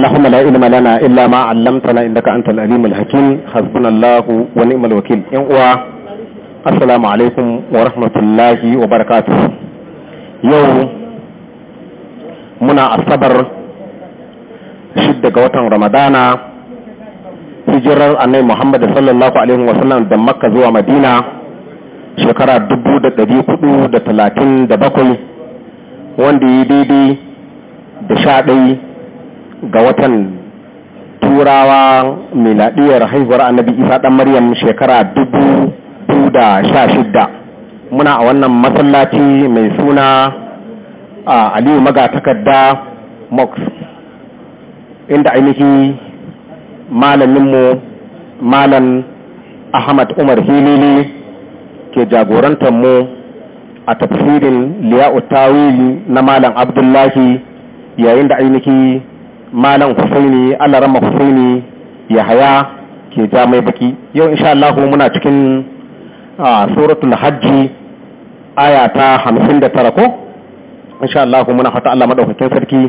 اللهم لا علم لنا إلا ما علمتنا إنك أنت العليم الحكيم حسبنا الله ونعم الوكيل السلام عليكم ورحمة الله وبركاته يوم منا الصبر شدة وطن رمضان hijirar annai Muhammad sallallahu alaihi wasallam da Makka zuwa Madina shekara 1437 wanda yi daidai da sha ɗaya ga watan turawa mai miladiyar haihuwar annabi isa dan maryam shekara dubu da sha shidda muna a wannan masallaci mai suna a aliyu magatakarda mox inda ainihi malaminmu malam ahmad umar hilili ke jagorantar mu a tafsirin liya'u tawili na malam abdullahi yayin da ainihi malam husaini alarama husaini yahaya ke ja mai baki yau insha Allah muna cikin suratul hajji aya ta hamsin da tara ko insha Allah muna fata Allah madaukakin sarki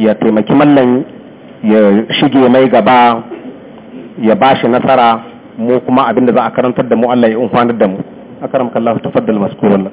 ya taimaki mallan ya shige mai gaba ya bashi nasara mu kuma abinda za a karantar da mu Allah ya umfanar da mu akaramkallahu tafaddal maskurullah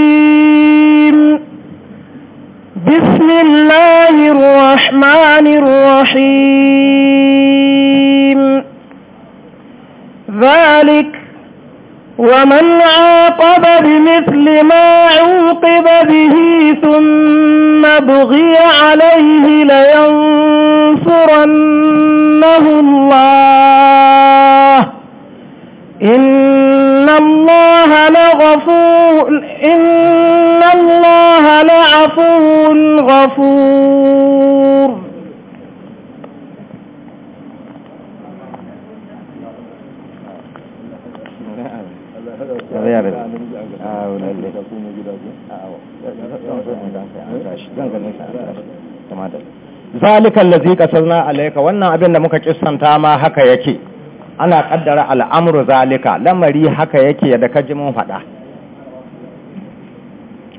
بسم الله الرحمن الرحيم ذلك ومن عاقب بمثل ما عوقب به ثم غفور zalikan الذي قصرنا alaika wannan abin da muka kissanta ma haka yake ana kaddara al'amru zalika lamari haka yake da kaji mun fada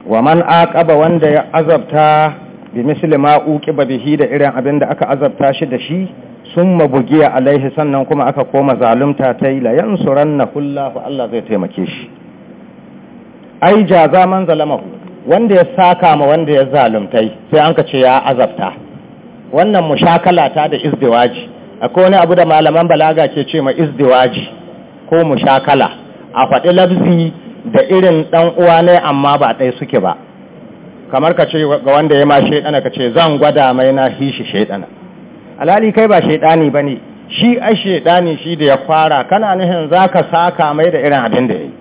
wa man aqaba wanda ya azabta bi misli ma uqiba bihi da irin abin da aka azabta shi da shi summa bugiya alaihi sannan kuma aka koma zalunta ta yi la yansuranna kullahu Allah zai taimake shi ai jaza zaman zalamahu wanda ya saka ma wanda ya zaluntai sai an ka ce ya azabta wannan mushakala ta da izdiwaji akwai wani abu da malaman balaga ke ce ma izdiwaji ko mushakala a faɗi labzi da irin ɗan uwa ne amma ba ɗaya suke ba kamar ka ce ga wanda ya ma shaidana ka ce zan gwada mai na hishi shaidana alhali kai ba shaidani ba ne shi a shaidani shi da ya fara kana nuhin za ka saka mai da irin abin da ya yi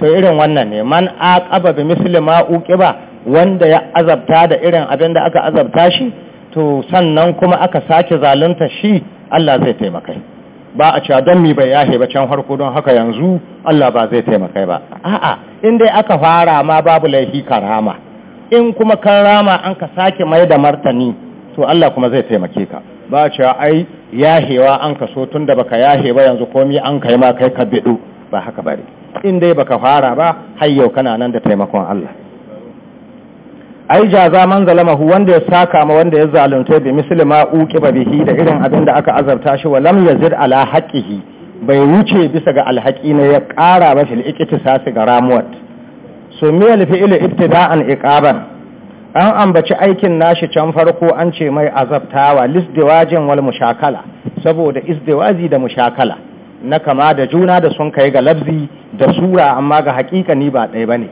to irin wannan ne man aqaba bi misali ma ba wanda ya azabta da irin abin da aka azabta shi to sannan kuma aka sake zalunta shi Allah zai taimaka ba a cewa don mi bai yahe ba can harko don haka yanzu Allah ba zai taimaka ba a'a in dai aka fara ma babu laifi karama in kuma kan rama an ka sake mai da martani to Allah kuma zai taimake ka ba cewa ai yahewa an ka so tun da baka yahe ba yanzu komi an kai ma kai ka bidu ba haka bari in dai baka fara ba har kana nan da taimakon Allah ai jaza man zalamahu wanda ya saka ma wanda ya zalunta bi muslima Kiba, bihi da irin abin da aka azarta shi wa lam yazid ala haqqihi bai wuce bisa ga alhaki ne ya ƙara ba fil iqtisasi ga ramuwat miyal fi'il ibtida'an iqaban an ambaci aikin nashi can farko an ce mai azabtawa lisdiwajin wal mushakala saboda isdiwazi da mushakala na kama da juna da sun kai ga labzi da sura amma ga hakika ni ba ɗaya bane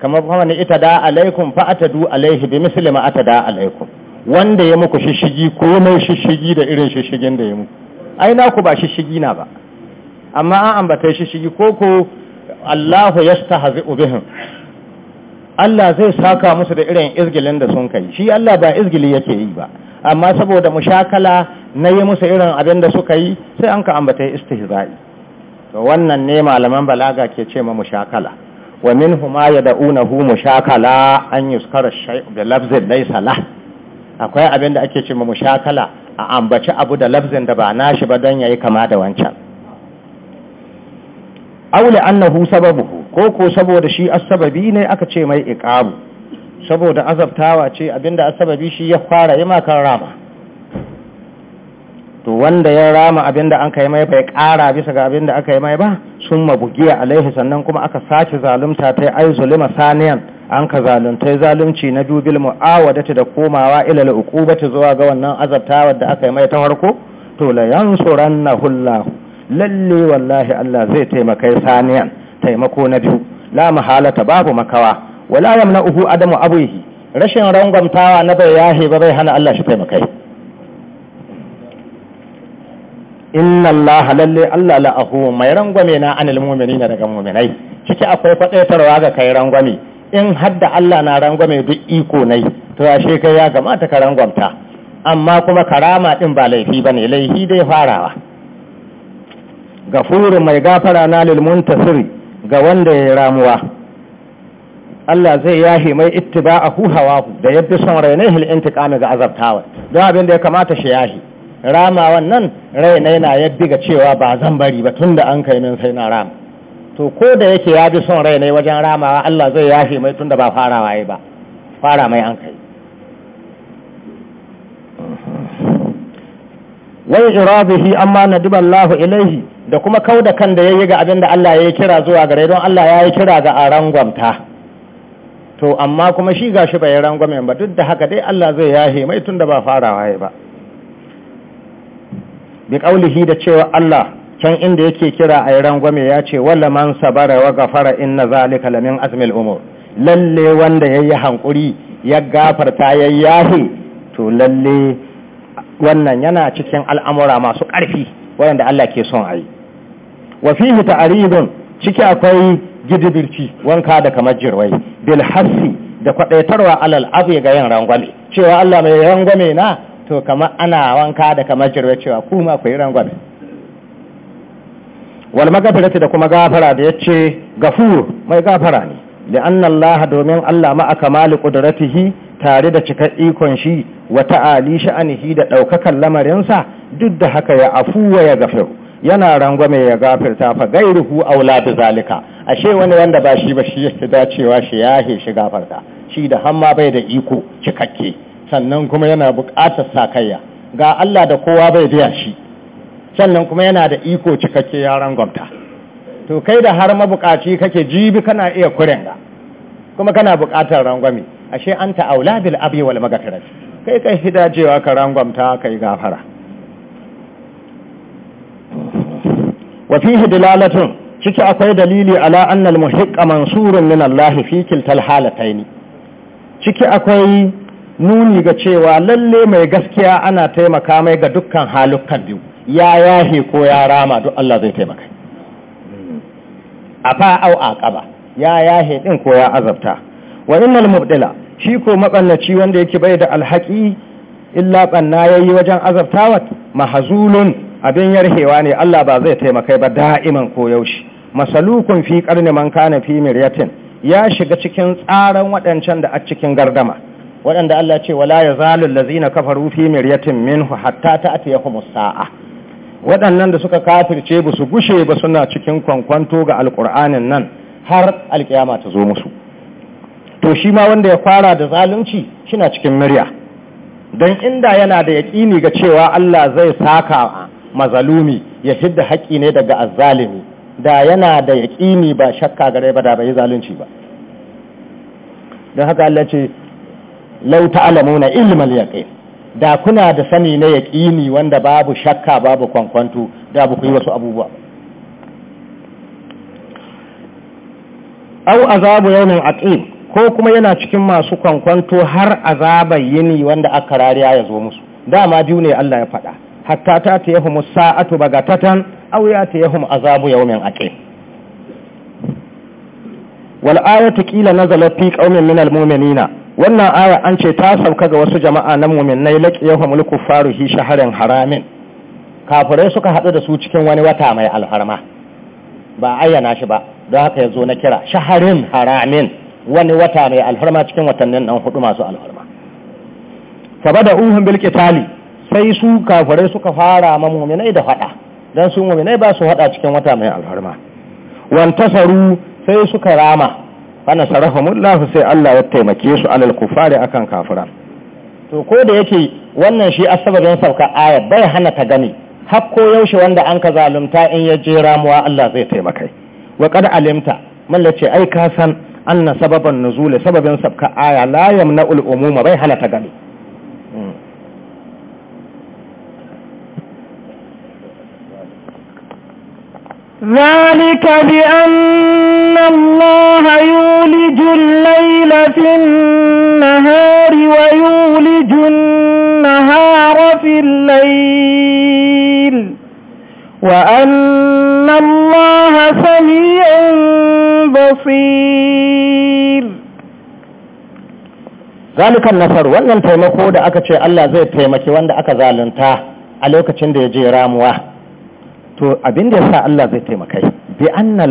kamar kuma ni ita da alaikum fa atadu alaihi bi misli ma atada alaikum wanda ya muku shishigi ko mai shishigi da irin shishigin da ya muku ai ku ba shishigi na ba amma an ambata shishigi ko ko Allahu yastahzi'u bihim Allah zai saka musu da irin izgilin da sun kai shi Allah ba izgili yake yi ba amma saboda mushakala na yi musu irin abin da suka yi sai an ka ambata istihza'i to wannan ne malaman balaga ke ce ma mushakala wa minhu ma yad'unahu mushakala an yuskara shay bi lafzin laysa la akwai abin da ake ce ma mushakala a ambaci abu da lafzin da ba nashi ba don yayi kama da wancan aule annahu sababuhu ko ko saboda shi asababi ne aka ce mai iqabu saboda azabtawa ce abinda asababi shi ya fara yi kan rama to wanda ya rama abinda an kai mai bai kara bisa ga abinda aka yi mai ba sun mabugiya alaihi sannan kuma aka sace zalunta ta ai zulma saniyan an ka zalunta zalunci na dubil mu'awadati da komawa ila al'uqubati zuwa ga wannan azabtawa da aka yi mai ta farko to la yansurannahu lalle wallahi Allah zai taimaka saniyan taimako na biyu la mahalata babu makawa wala yamna'uhu adamu abuhi rashin rangwamtawa na bai yahe ba bai hana Allah shi taimakai inna Allah lalle Allah ahu mai rangwame na anil mu'minina daga mu'minai ciki akwai fatsaitarwa ga kai rangwame in hadda Allah na rangwame duk iko nai to ya kai ya gamata ka rangwamta amma kuma karama din ba laifi bane laifi dai farawa gafurin mai gafara na lil muntasiri ga wanda ya ramuwa Allah zai yahi mai a hawahu da yabbi son hil intiqami ga azabtawa don abin da ya kamata shi yahi ramawan nan rainai na yabbi ga cewa ba zan bari ba tunda an kai min sai na rama to ko da yake ya bi son rainai wajen ramawa Allah zai yahi mai tunda ba farawa yi ba fara mai an kai wai iradihi amma duba Allahu ilaihi da kuma kauda kan da yayi ga abin da Allah ya yi kira zuwa gare don Allah ya yi kira ga arangwamta to amma kuma shi gashi bai rangwamen ba duk da haka dai Allah zai yahe mai tunda ba farawa yayi ba bi kaulihi da cewa Allah can inda yake kira a rangwame ya ce walla man sabara wa gafara inna zalika lamin azmil umur lalle wanda yayi hankuri ya gafarta yayi yahi to lalle wannan yana cikin al'amura masu ƙarfi waɗanda Allah ke son ayi. yi hita a ta'ridun ciki akwai gidibirci wanka da kamar jirwai bilhassi da kwadaitarwa alal abu ga yin rangwame cewa Allah mai rangwame na to kamar ana wanka da kamar jirwai cewa kuma ku yi rangwame wal magafirati da kuma gafara da ya ce gafur mai gafara ne da anna Allah domin Allah ma akamali qudratihi tare da cikar ikon shi wa ta'ali sha'anihi da ɗaukakan lamarinsa duk da haka ya afuwa ya gafiru yana rangwame ya gafirta fa gairuhu aula da zalika ashe wani wanda ba shi ba shi yake dacewa shi ya he shi gafarta shi da hamma bai da iko cikakke sannan kuma yana buƙatar sakayya ga Allah da kowa bai biya shi sannan kuma yana da iko cikakke ya rangwamta to kai da har mabukaci kake jibi kana iya kurenga kuma kana buƙatar rangwame ashe anta aula bil abi wal magfirat kai kai hidajewa ka rangwamta kai gafara wa fihi dalalatun ciki akwai dalili ala anna al muhiqqa mansurun min Allah fi kiltal halataini ciki akwai nuni ga cewa lalle mai gaskiya ana taimaka mai ga dukkan halukan biyu ya yahi ko ya rama duk Allah zai taimaka a fa'au a ƙaba ya yahi ɗin ko ya azabta wa innal mubdila shi ko matsalaci wanda yake bai da alhaki illa banna yayi wajen azabtawa mahzulun abin yarhewa ne Allah ba zai taimaka ba da'iman ko yaushi masalukun fi qarni man kana fi miryatin ya shiga cikin tsaran wadancan da a cikin gardama waɗanda Allah ce wala yazalul ladzina kafaru fi miryatin minhu hatta ta'tiyahumus sa'a waɗannan da suka kafirce ba su gushe ba suna cikin kwankwanto ga alqur'anin nan har alkiyama ta zo musu to shi ma wanda ya fara da zalunci shina cikin murya don inda yana da yaƙini ga cewa Allah zai saka mazalumi ya hidda haƙƙi ne daga azzalimi da yana da yaƙini ba shakka gare ba da bai zalunci ba don haka Allah ce lau ta'lamuna ilmal yaqin da kuna da sani na yaƙini wanda babu shakka babu kwankwanto da ba ku yi wasu abubuwa au azabu yawmin aqim ko kuma yana cikin masu kwankwanto har azabar yini wanda aka rariya ya zo musu dama biyu ne Allah ya faɗa hatta ta ta yahu musa'atu bagatatan aw ya ta yahu azabu yawmin aqim wal ayatu qila nazala fi qaumin min al mu'minina wannan aya an ce ta sauka ga wasu jama'a na mu'minai laqiyahu mulku hi shaharin haramin kafirai suka haɗu da su cikin wani wata mai alharma ba ayyana shi ba don haka ya zo na kira shaharin haramin wani wata mai alfarma cikin watannin nan hudu masu alfarma fabada uhun bil qitali sai su kafare suka fara ma mu'minai da fada dan su mu'minai ba su fada cikin wata mai alfarma wan tasaru sai suka rama ana sarafahumullahu sai Allah ya taimake su alal kufari akan kafiran to ko da yake wannan shi asabarin sauka ayat bai hana ta gani hakko yaushe wanda an ka zalunta in ya je ramuwa Allah zai taimakai wa qad alimta mallace ai ka san anna sababan nuzuli sababin sabka aya la yamna'ul umuma bai hana ta gani ذلك بأن الله يولج الليل في النهار ويولج النهار في الليل وأن الله سميع basir zalikan nasar wannan taimako da aka ce Allah zai taimaki wanda aka zalunta a lokacin da ya je ramuwa to abin da yasa Allah zai taimakai bi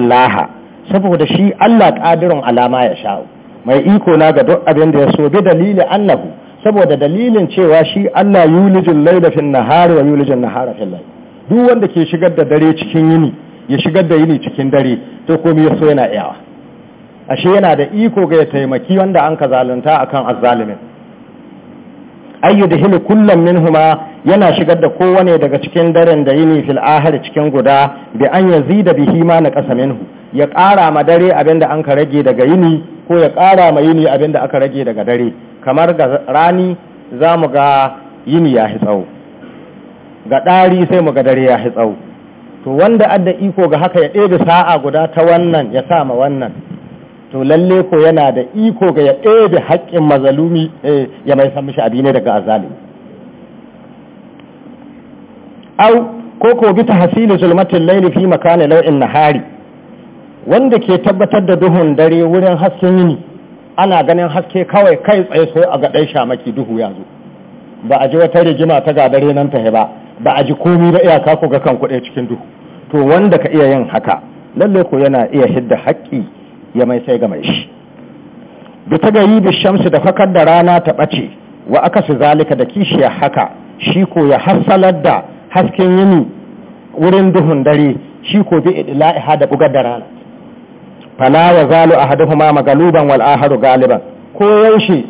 laha saboda shi Allah ƙadirin alama ya sha'u mai iko na ga duk abin da ya so bi dalili annahu saboda dalilin cewa shi Allah yulijin laila fin nahari wa yulijin nahara fil layl duk wanda ke shigar da dare cikin yini ya shigar da yini cikin dare to komai ya so yana iyawa ashe yana da iko ga ya taimaki wanda an ka zalunta a akan azzalimin ayyudhilu kullam minhuma yana shigar da kowane daga cikin daren da yini fil ahir cikin guda bi an yazida bihi ma na ƙasa minhu ya ƙara ma dare abinda an ka rage daga yini ko ya ƙara ma yini abinda aka rage daga dare kamar ga rani za mu ga yini ya hi ga ɗari sai mu ga dare ya hi tsawo to wanda adda iko ga haka ya ɗebe sa'a guda ta wannan ya sa ma wannan to lalle ko yana da iko ga ya ɗebe haƙƙin mazalumi eh, ya mai san mishi abi ne daga azali. au ko ko bi tahsilu zulmatil layli fi makani lau'in nahari wanda ke tabbatar da duhun dare wurin hasken yini ana ganin haske kawai kai tsaye sai a ga ɗan shamaki duhu ya zo ba a ji wata rigima ta ga dare nan ta ba ba a ji komi ba iyaka ku ga kan kuɗe cikin duhu to wanda ka iya yin haka lalle ko yana iya hidda haƙƙi ya mai sai ga mai shi da ta gayi da shamsu da fakar da rana ta ɓace wa aka su zalika da kishiyar haka shi ko ya hassalar da hasken yini wurin duhun dare shi ko bi idla'iha da bugar da rana fala ya zalu ahaduhuma magaluban wal aharu galiban ko yaushe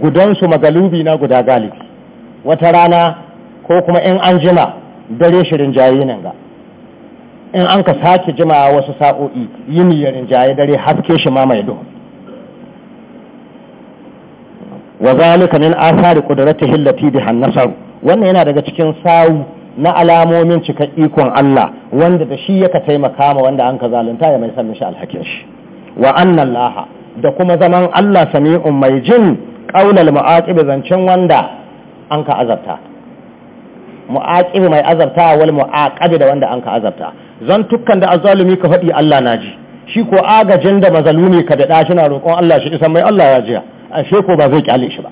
gudansu magalubi na guda galibi wata rana ko kuma in an jima dare shirin jayi nan ga in an ka sake jimawa wasu sa'o'i yini ya jaye dare haske shi ma mai duhu wa zalika min asari qudratihi allati bi hannasar wannan yana daga cikin sawu na alamomin cikar ikon Allah wanda da shi yaka taimaka ma wanda an ka zalunta ya mai san shi alhakin shi wa anna allaha da kuma zaman Allah sami'un mai jin qaulal mu'aqib zancen wanda an ka azabta mu'aqib mai azabta wal mu'aqab da wanda an ka azabta zan tukkan da azalumi ka fadi Allah na ji shi ko agajin da mazalumi ka da shi na roƙon Allah shi isan mai Allah ya jiya ashe ko ba zai kyale shi ba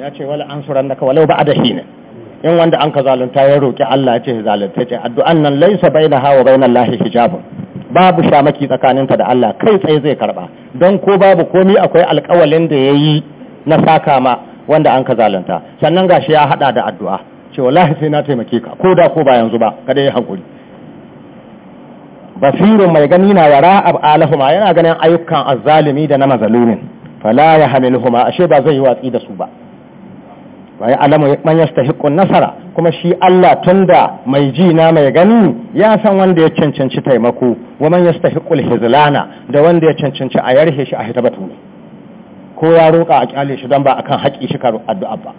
ya ce wala an suran da walau ba adahi ne in wanda an ka zalunta ya roƙi Allah ya ce zalunta ce addu'an nan laysa bainaha wa bainallahi lahi hijabun babu shamaki tsakaninta da Allah kai tsaye zai karba don ko babu komi akwai alkawalin da ya yi na saka ma wanda an ka zalunta sannan gashi ya haɗa da addu'a ce wallahi sai na taimake ka ko da ko ba yanzu ba kada ya hankuri basirin mai gani na yara alahuma yana ganin ayyukan azzalimi da na mazalumin fala ya hamiluhuma ashe ba zai yi watsi da su ba wa alamu man yastahiqu nasara kuma shi Allah tunda mai ji na mai gani ya san wanda ya cancanci taimako wa man yastahiqu al-hizlana da wanda ya cancanci a yarhe shi a hitabatu ne ko ya roƙa a kyale shi don ba akan haƙi shi karu addu'a ba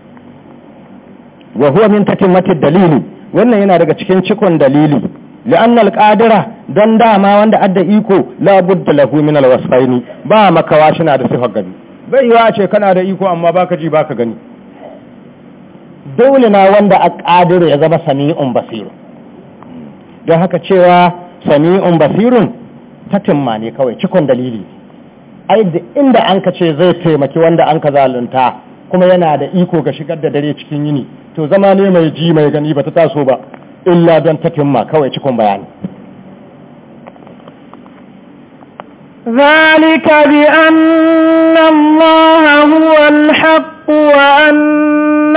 wa huwa min tatimmatid dalili wannan yana daga cikin cikon dalili li'annal qadira don dama wanda adda iko la budda lahu min alwasfaini ba makawa shi na da sifar gani bai yiwa ce kana da iko amma baka ji baka gani dole na wanda a ƙadiru ya zama sami'un basiru don haka cewa sami'un basirun tatimma ne kawai cikon dalili ai da inda an ka ce zai taimaki wanda an ka zalunta kuma yana da iko ga shigar da dare cikin yini to zama ne mai ji mai gani ba ta taso ba illa don tatimma kawai cikon bayani ذلك بأن الله هو الحق وأن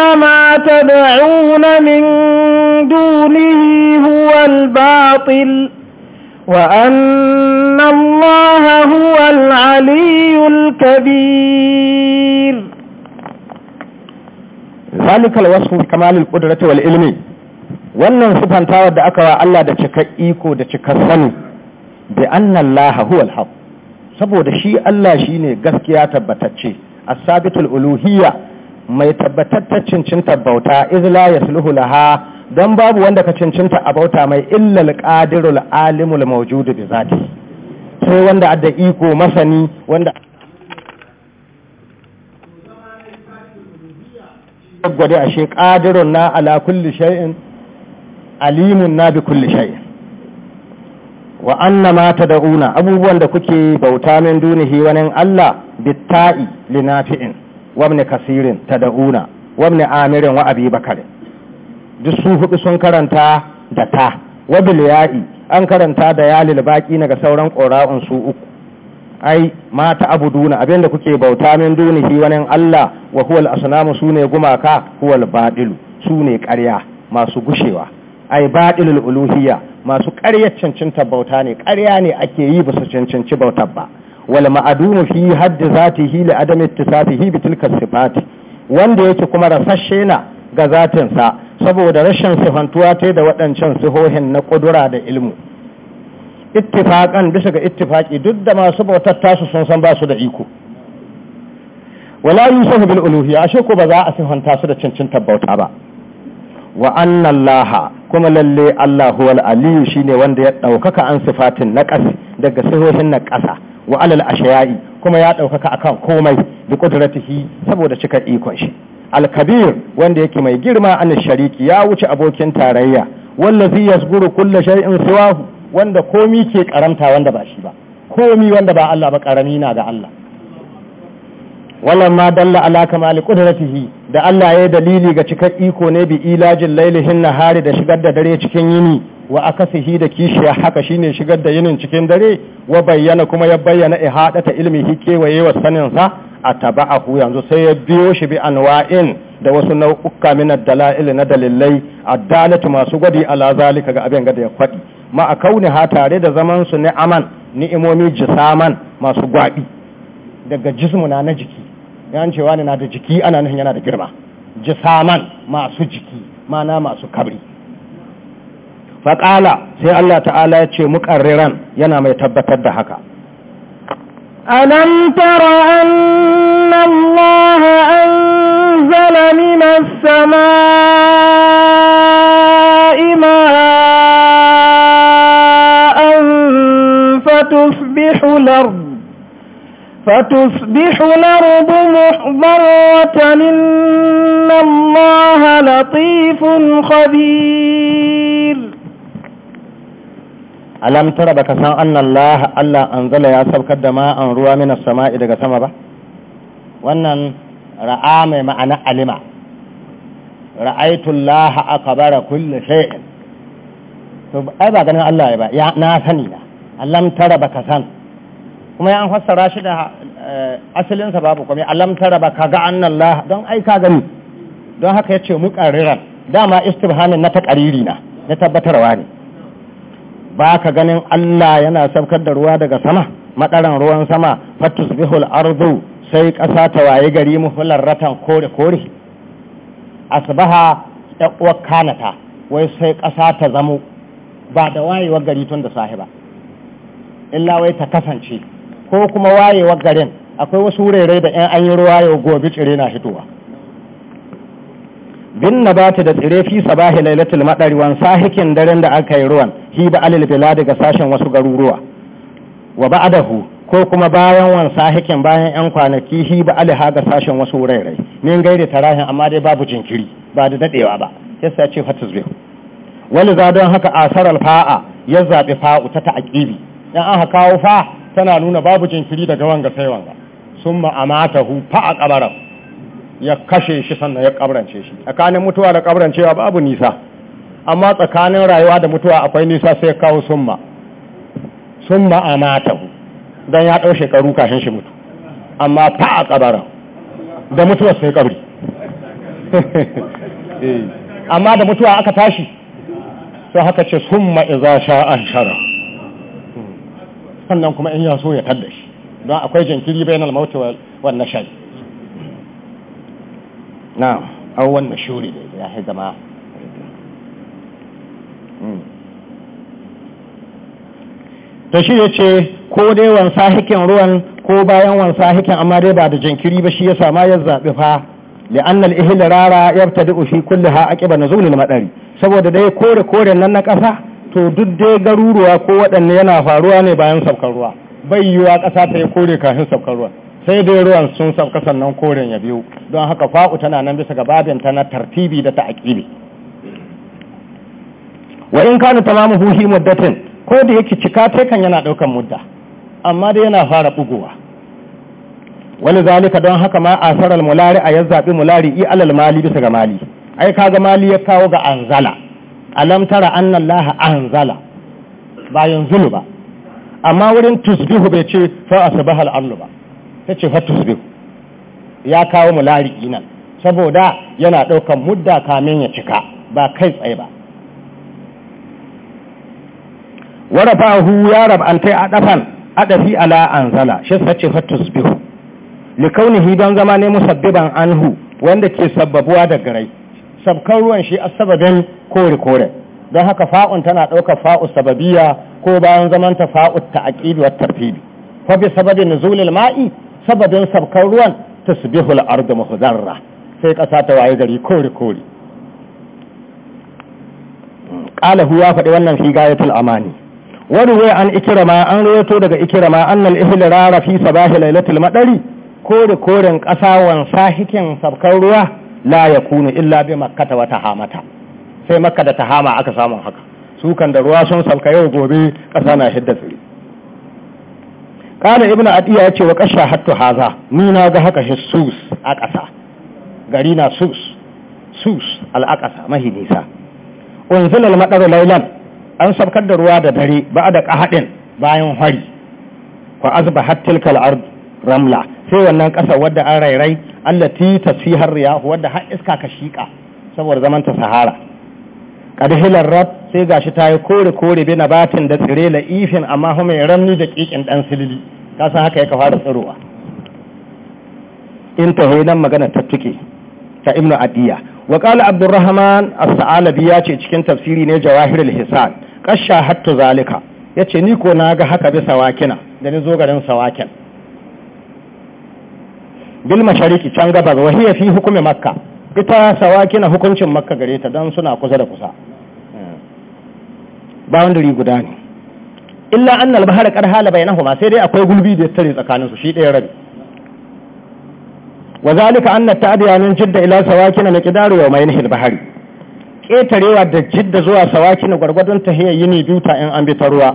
ما تدعون من دونه هو الباطل وأن الله هو العلي الكبير ذلك الوصف بكمال القدرة والعلم wannan sufantawar da aka wa Allah da cika iko da cika sani bi anna Allah huwa al saboda shi Allah shine gaskiya tabbatacce as-sabitul uluhiyya mai tabbatattar cincinta bauta izla ya sulhu laha don babu wanda ka cincinta a bauta mai illal qadirul alimul mawjudu bi zati sai wanda adda iko masani wanda gwade ashe qadirun na ala kulli shay'in alimun na bi kulli shay'in wa anna ma da'una, abubuwan da kuke bauta min dunihi wani Allah bitta'i linafi'in wabni kasirin da'una, wabni amirin wa abi bakar duk su hudu sun karanta da ta wabil ya'i an karanta da yalil baki daga sauran ƙora'un su uku ai mata abu abuduna abinda kuke bauta min dunihi wani Allah wa huwal asnamu sune gumaka huwal badilu sune ƙarya masu gushewa ai al uluhiyya masu ƙaryar cancanta bauta ne ƙarya ne ake yi basu cancanci bautar ba wal ma'adumu fi haddi zatihi li adam ittisafihi bi tilka sifati wanda yake kuma rasashe na ga zatinsa saboda rashin sifantuwa ta da waɗancan sihohin na ƙudura da ilmu ittifaƙan bisa ga ittifaƙi duk da masu bautar tasu sun san basu da iko wala yusuf bil uluhiyya ashe ko ba za a sifanta su da cincin tabbauta ba wa anna allah kuma lalle allah huwal aliyu shine wanda ya ɗaukaka an sifatin ƙasa daga sihohin na ƙasa wa alal ashayi kuma ya ɗaukaka akan komai bi qudratihi saboda cika ikon shi al-kabir wanda yake mai girma an shariki ya wuce abokin tarayya wallazi yasguru kullu shay'in siwahu wanda komi ke karamta wanda ba shi ba komi wanda ba Allah ba karami na ga Allah walamma dalla ala kamali qudratihi da Allah ya dalili ga cikar iko ne bi ilajin lailihin nahari da shigar da dare cikin yini wa akasihi da kishiya haka shine shigar da yinin cikin dare wa bayyana kuma ya bayyana ihadata ilmihi kewaye wa sanin sa taba'ahu yanzu sai ya biyo shi bi anwa'in da wasu nau'uka min ad-dala'il na dalilai dalatu masu gwadi ala zalika ga abin gada ya kwadi ma a kauni ha tare da zaman su aman ni'imomi jisaman masu gwadi daga jismu na na jiki yan cewa ne na da jiki ana nan yana da girma jisaman masu jiki mana masu kabri faƙala sai الله تعالى يتشي مكررا muƙarriran yana mai tabbatar ألم تر أن الله أنزل من السماء ماء فتصبح الأرض فتصبح الأرض محضرة إن الله لطيف خبير alam tara baka san anna Allah Allah anzala ya saukar da ma'an ruwa minas sama'i daga sama ba wannan ra'a mai ma'ana alima ra'aitu Allah akbara kulli shay'in to ai ba ganin Allah ya ba ya na sani da alam tara baka san kuma ya an fassara shi da eh, sa babu kuma alam tara baka ga anna Allah don ai ka gani don haka yace mu muqarriran dama istibhamin na takariri na na tabbatarwa ne ba ka ganin Allah yana saukar da ruwa daga sama madaran ruwan sama fatus bihul ardu sai ƙasa ta waye gari muhular ratan kore kore asbaha yakuwar kanata wai sai ƙasa ta zamo ba da wayewar gari tun da sahiba illa wai ta kasance ko kuma wayewar garin akwai wasu wurare da 'yan an yi ruwa yau gobe tsire na hitowa bin Bata da tsire fi sabahi lailatul madari wan sahikin daren da aka yi ruwan hi ba alil bila daga sashen wasu garuruwa wa ba'dahu ko kuma bayan wan sahikin bayan yan kwanaki hi ba aliha ga sashen wasu wurare min gaire tarahin amma dai babu jinkiri ba da dadewa ba sai ya ce fatizbihu wani za don haka asarar fa'a ya zabi fa'u ta ta'qibi dan aka kawo fa tana nuna babu jinkiri daga wanga sai wanga sun ma'amata hufa fa'a ƙabarar ya kashe shi sannan ya kabrance shi tsakanin mutuwa da kabrancewa babu nisa amma tsakanin rayuwa da mutuwa akwai nisa sai kawo summa summa a matahu don ya ɗau shekaru kashin shi mutu amma fa a kabara da mutuwa sai kabri eh. amma da mutuwa aka tashi sai haka ce summa iza sha an shara hmm. sannan kuma in ya so ya tadda shi don akwai jinkiri bayan almauti wannan shari na'am awwal mashuri ya hi zama hmm. to shi ya ce ko dai wansa hikin ruwan ko bayan wansa hikin amma dai ba da jinkiri ba shi ya sama ya zaɓi fa ta ihlarara yabtadi'u a kulliha aqiba nuzulil maɗari saboda dai kore kore nan na ƙasa to duk dai garuruwa ko waɗanne yana faruwa ne bayan saukar ruwa bai yiwuwa ƙasa ta yi kore kafin saukar ruwa sai dai ruwan sun sauka sannan koren ya biyu don haka fa'u tana nan bisa gababin ta na tartibi da ta'aqibi wa in kana tamamu huhi muddatin ko da yake cika ta yana ɗaukan mudda amma dai yana fara bugowa wani zalika don haka ma asarar mulari a yanzu zaɓi mulari i alal mali bisa ga mali ai kaga mali ya kawo ga anzala alam tara laha anzala ba yanzu ba amma wurin tusbihu bai ce fa asbaha allu ba ta ce biyu ya kawo mu lariki nan saboda yana ɗaukan mudda kamin ya cika ba kai tsaye ba Wadda warafahu ya rab'anta a dafan adafi ala zala shi sace fatusbihu likaunihi don zama ne musabbiban anhu wanda ke sabbabuwa da garai sabkan ruwan shi a sababin kore kore don haka fa'un tana ɗaukar fa'u sababiya ko bayan zamanta fa'u ta aqidu wata fili fa sababin sababi ma'i sabadin sabkar ruwan ta su bihul mahuzarra sai ƙasa ta waye gari kore-kore ƙalahu ya faɗi wannan fi gayatul amani wani wai an ikirama an rayato daga ikirama annal ihlirara fi sabahi lailatul madari kore-koren ƙasa wansa hikin sabkar ruwa la ya kunu illa bi makkata wata hamata sai makka da tahama aka samu haka sukan da ruwa sun salka yau gobe ƙasa na shidda tsiri kala ibnu adiya ce wa kasha hattu haza ni na ga haka hisus a ƙasa gari na sus sus al-aqasa mahi nisa unzila al-madar laylan an sabkar da ruwa da dare ba da ƙahadin, bayan hari fa azbahat tilka al-ard ramla sai wannan ƙasa wadda an rairai allati tasihar riyah wadda har iska ka shika saboda zaman ta sahara ƙadhilar rab sai gashi ta yi kore-kore bi na batin da tsire la ifin amma hu mai ramni da ƙiƙin ɗan silili ka san haka ya ka fara tsirowa in ta nan magana ta tuke ta ibnu adiya wa qala abdurrahman as-sa'alabi ya ce cikin tafsiri ne jawahirul hisan qasha hatta zalika yace ni ko na ga haka bisa sawakina da ni zo garin sawakin bil mashariki can gaba wa hiya fi hukumi makka ita sawaki na hukuncin makka gare ta don suna kusa da kusa boundary guda ne illa an albahar karhala bai nahuma sai dai akwai gulbi da tare tsakanin su shi ɗaya rabi wa zalika anna ta'diya min jidda ila sawakin miqdaru wa maynih bahari ketarewa da jidda zuwa sawakin gwargwadon tahiyyini biyu ta in an bi ta ruwa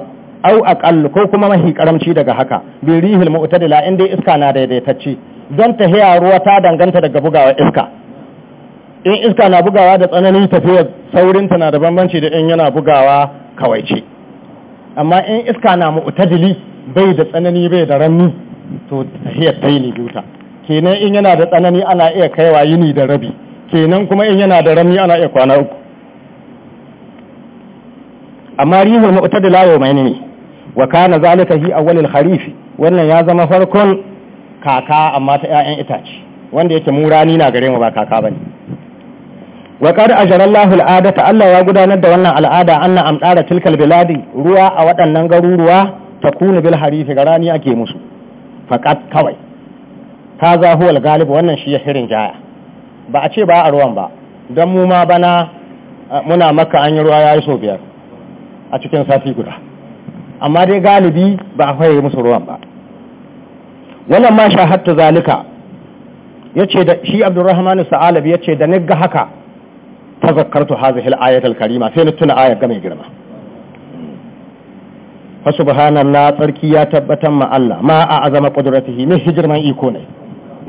au aqall ko kuma mahi karamci daga haka bi rihil mu'tadila inda iska na daidaitacce don tahiya ruwa ta danganta daga bugawa iska in iska na bugawa da tsananin tafiyar saurinta na da bambanci da in yana bugawa kawai ce amma in iska na mu'tadili bai da tsanani bai da ranni to tafiyar ta yini duta kenan in yana da tsanani ana iya kaiwa yini da rabi kenan kuma in yana da ranni ana iya kwana uku amma rihul mu'tadila yau mai ne wa kana zalika hi awwalul kharif wannan ya zama farkon kaka amma ta 'ya'yan itace wanda yake murani na gare mu ba kaka bane wa qad ajarallahu al'adata Allah ya gudanar da wannan al'ada anna amdara tilkal biladi ruwa a waɗannan garuruwa ta kunu bil harifi garani ake musu faqat kawai kaza huwa al-ghalib wannan shi ya hirin jaya ba a ce ba a ruwan ba don mu ma bana muna maka an yi ruwa ya yi so biyar a cikin safi guda amma dai galibi ba a yi musu ruwan ba wannan ma shahatta zalika yace da shi abdurrahmanu sa'alabi ya ce da nigga haka tazakkartu hadhihi al-ayat al-karima sai na tuna ayar ga mai girma fa subhanallah tsarki ya tabbatar ma Allah ma a azama qudratihi ne hijirman iko ne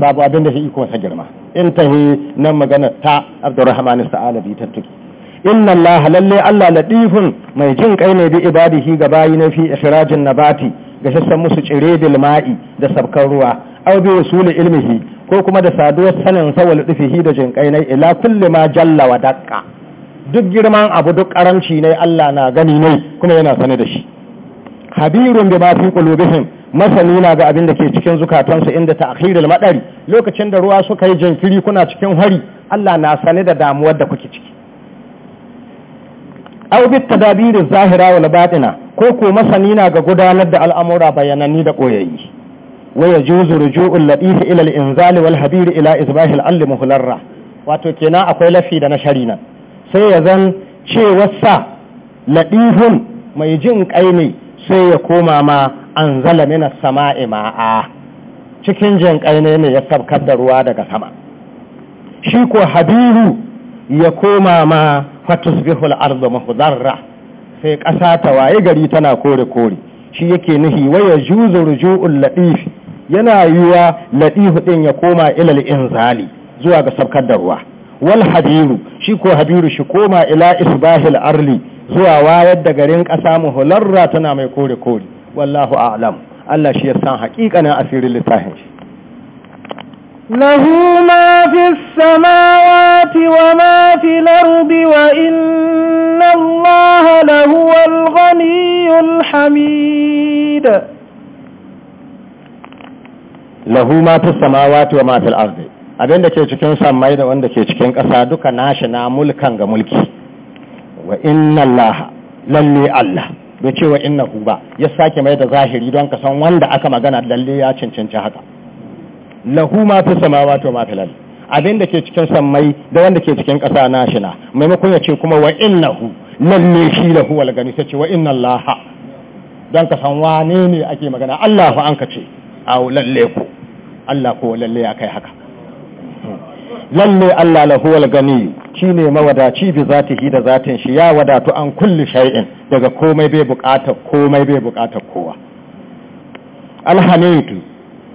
babu abin da shi iko sa girma in tahi nan magana ta Abdurrahman Sa'alabi tattuki inna Allah lalle Allah latifun mai jin kai ne bi ibadihi ga bayi ne fi ikhrajin nabati gasassan musu cire bil ma'i da sabkan ruwa aw bi wasul ilmihi ko kuma da saduwar sanin sawal dufihi da jinkainai ila kulli ma jalla wa daqqa duk girman abu duk karanci ne Allah na gani ne kuma yana sane da shi habirun ma fi qulubihim masani na ga abin da ke cikin zukatansu inda ta akhiril madari lokacin da ruwa suka yi jinkiri kuna cikin hari Allah na sane da damuwar da kuke ciki au bi tadabir zahira wal batina ko ko masani na ga gudanar da al'amura bayanani da koyayi wa yajuzu ruju'ul ladif ila al inzal wal hadir ila isbah al alm hularra wato kenan akwai lafi da na shari nan sai ya zan cewar sa ladifun mai jin kai ne sai ya koma ma anzala minas sama'i ma'a cikin jin kai ne ne ya sabkar da ruwa daga sama shi ko habiru ya koma ma Fatus bihul ardu muhdarra sai ƙasa ta waye gari tana kore kore shi yake nuhi waya juzu ruju'ul latif yana yiwa latif din ya koma ilal inzali zuwa ga sabkar da ruwa wal habiru shi ko habiru shi koma ila isbahil arli zuwa wayar da garin ƙasa muhularra tana mai kore kore wallahu a'lam Allah shi ya san haƙiƙanin asirin littafin shi له ما في السماوات وما في الأرض وإن الله لهو الغني الحميد له ما في السماوات وما في الأرض abin da ke cikin samai da wanda ke cikin ƙasa duka nashi na mulkan ga mulki wa inna Allah lalle Allah bai ce wa innahu ba ya sake mai da zahiri don ka san wanda aka magana lalle ya cancanci haka lahu ma fi samawati wa ma fil ard abin da ke cikin sammai da wanda ke cikin ƙasa na shi na maimakon ya ce kuma wa innahu lalle shi lahu wal gani sai ce wa inna allah don ka san wane ne ake magana Allah an ka ce a lalle ko Allah ko lalle ya kai haka lalle Allah lahu wal gani shine mawadaci bi zatihi da zatin shi ya wadatu an kulli shay'in daga komai bai bukatar komai bai bukatar kowa alhamidu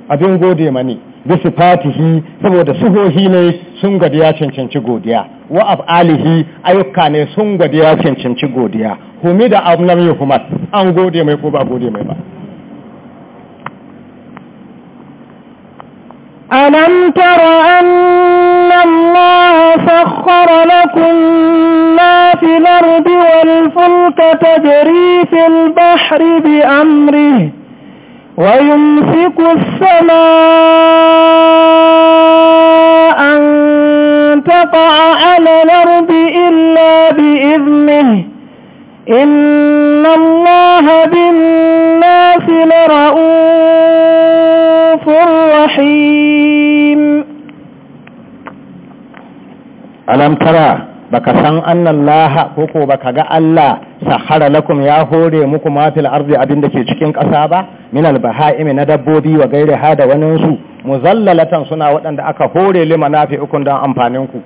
abin gode mani bi sifatihi saboda suhohi ne sun gadi ya cancanci godiya wa af'alihi ayyuka ne sun gadi ya cancanci godiya abu am lam yuhmad an gode mai ko ba gode mai ba ألم تر أن الله سخر لكم ما في fulka والفلك fil bahri bi amri. ويمسك السماء أن تقع على الأرض إلا بإذنه إن الله بالناس لرؤوف رحيم ألم ترى baka san annan laha, ko ko baka ga Allah sahara lakum ya hore muku ma fil ardi abin da ke cikin ƙasa ba min al bahaimi na dabbobi wa gairi ha da wani su muzallalatan suna waɗanda aka hore li ukun dan amfanin ku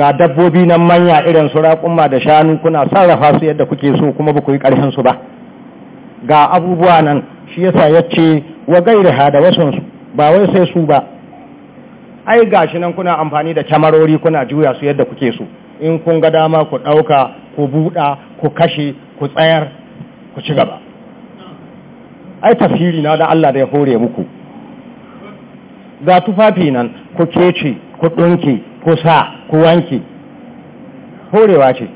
ga dabbobi nan manya irin su raƙumma da shanu kuna sarrafa su yadda kuke so kuma ba ku yi ƙarshen su ba ga abubuwa nan shi yasa yace wa gairi ha da wasun ba wai sai su ba ai gashi nan kuna amfani da kyamarori kuna juya su yadda kuke so in kun ga dama ku ɗauka ku buɗa ku kashe ku tsayar ku ci gaba ai tafsiri na da Allah da ya hore muku ga tufafi nan ku kece ku ɗunke ku sa ku wanke horewa ce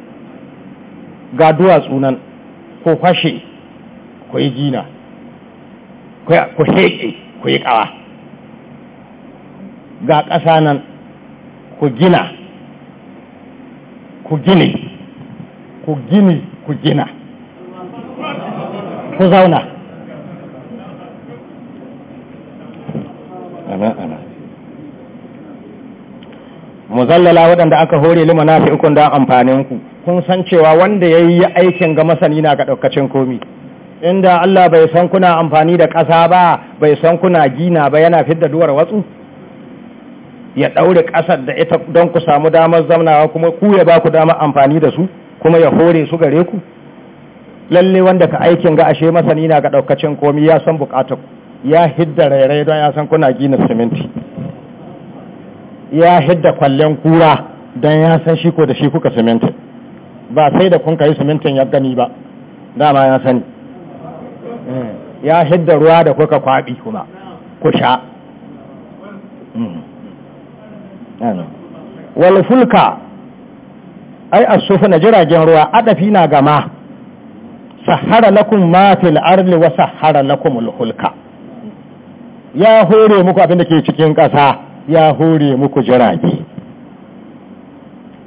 ga duwatsu nan ku fashe ku yi gina ku heƙe ku yi ƙawa ga ƙasa nan ku gina ku gini ku gini ku gina ku zauna muzallala waɗanda aka hore limana fi ukun don amfaninku kun san cewa wanda ya yi aikin ga masani na ga ɗaukacin komi inda Allah bai san kuna amfani da ƙasa ba bai san kuna gina ba yana fidda duwar watsu ya ɗaure ƙasar da ita don ku samu damar zamnawa kuma ku ya ba ku damar amfani da su kuma ya hore su gare ku lalle wanda ka aikin ga ashe masani na ga ɗaukacin komi ya san buƙatar ya hidda rairai don ya san kuna gina siminti ya hidda kwallon kura don ya san shi ko da shi kuka siminti ba sai da kun yi simintin ya gani ba dama ya sani eh, ya hidda ruwa da kuka kwaɓi kuma ku sha hmm. wal fulka ai asufuna jiragen ruwa adafi na gama sahara lakum ma fil ardi wa sahara lakum al ya hore muku abin da ke cikin ƙasa ya hore muku jirage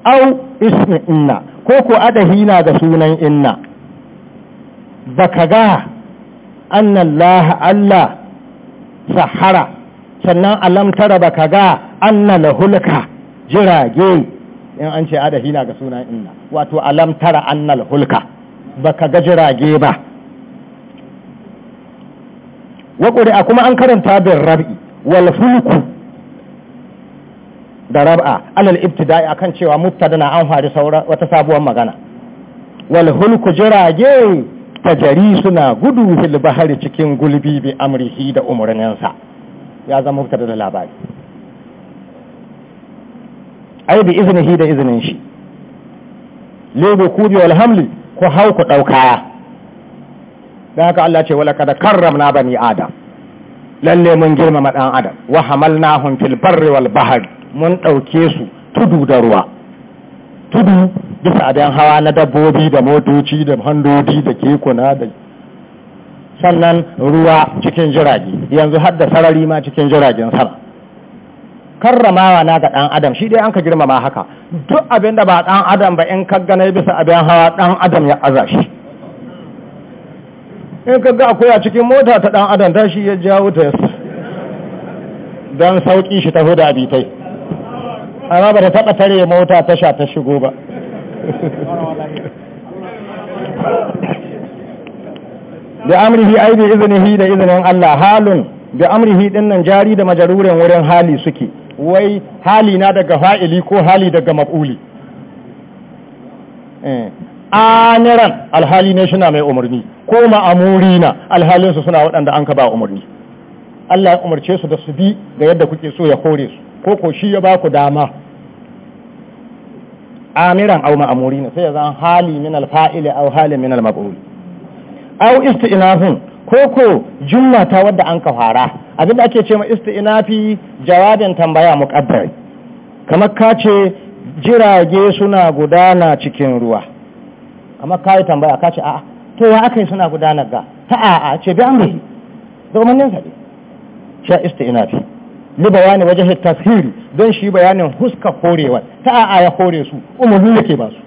au ismi inna ko ko adafi na ga sunan inna ka ga annallaha Allah sahara sannan alam tara ba ga anna hulka jirage in an ce adafi na ga sunan inna wato alam tara anna hulka baka ga jirage ba wa a kuma an karanta bin rab'i wal fulku da rab'a alal ibtida'i akan cewa mubtada na an fari saura wata sabuwar magana wal hulku jirage tajari suna gudu fil bahari cikin gulbi bi amrihi da umarninsa ya zama fitar da labari ai bi hi da izinin shi lebe kudi wal hamli ko hau ku ɗaukaya da haka Allah ce wala kada karramna bani adam lalle mun girmama ɗan adam wa hamalnahum fil barri wal bahri mun ɗauke su tudu da ruwa tudu bisa abin hawa na dabbobi da motoci da handodi da kekuna da sannan ruwa cikin jirage yanzu har da sarari ma cikin jiragen sama karramawa na ga ɗan adam shi dai an ka girmama haka duk abinda ba ɗan adam ba in ka gane bisa abin hawa ɗan adam ya aza shi in ka ga akwai a cikin mota ta ɗan adam ta shi ya ya ta don sauƙi shi taho da abitai amma ba ta taɓa tare mota tasha ta shigo ba Bi amrihi ai bi iznihi da iznin Allah halun bi amrihi din nan jari da majarurin wurin hali suke wai hali na daga fa'ili ko hali daga maf'uli aniran alhali ne suna mai umarni ko ma'amurina na alhalin su suna waɗanda an ka ba umarni Allah ya umarce su da su bi ga yadda kuke so ya kore su ko ko shi ya ba ku dama amiran au ma'amuri na sai ya zan hali min alfa'ili au hali min al-maf'uli au isti'nafin koko jumla ta wadda an ka fara abinda ake ce ma isti'nafi jawabin tambaya muqaddari kamar ka ce jirage suna gudana cikin ruwa kamar kai tambaya ka ce a'a to ya akai suna gudanar ga ta a'a ce bi an bai domin nan sai sha isti'nafi li bayani wajen tafsir don shi bayanin huska korewa ta a'a ya kore su umarni yake ba su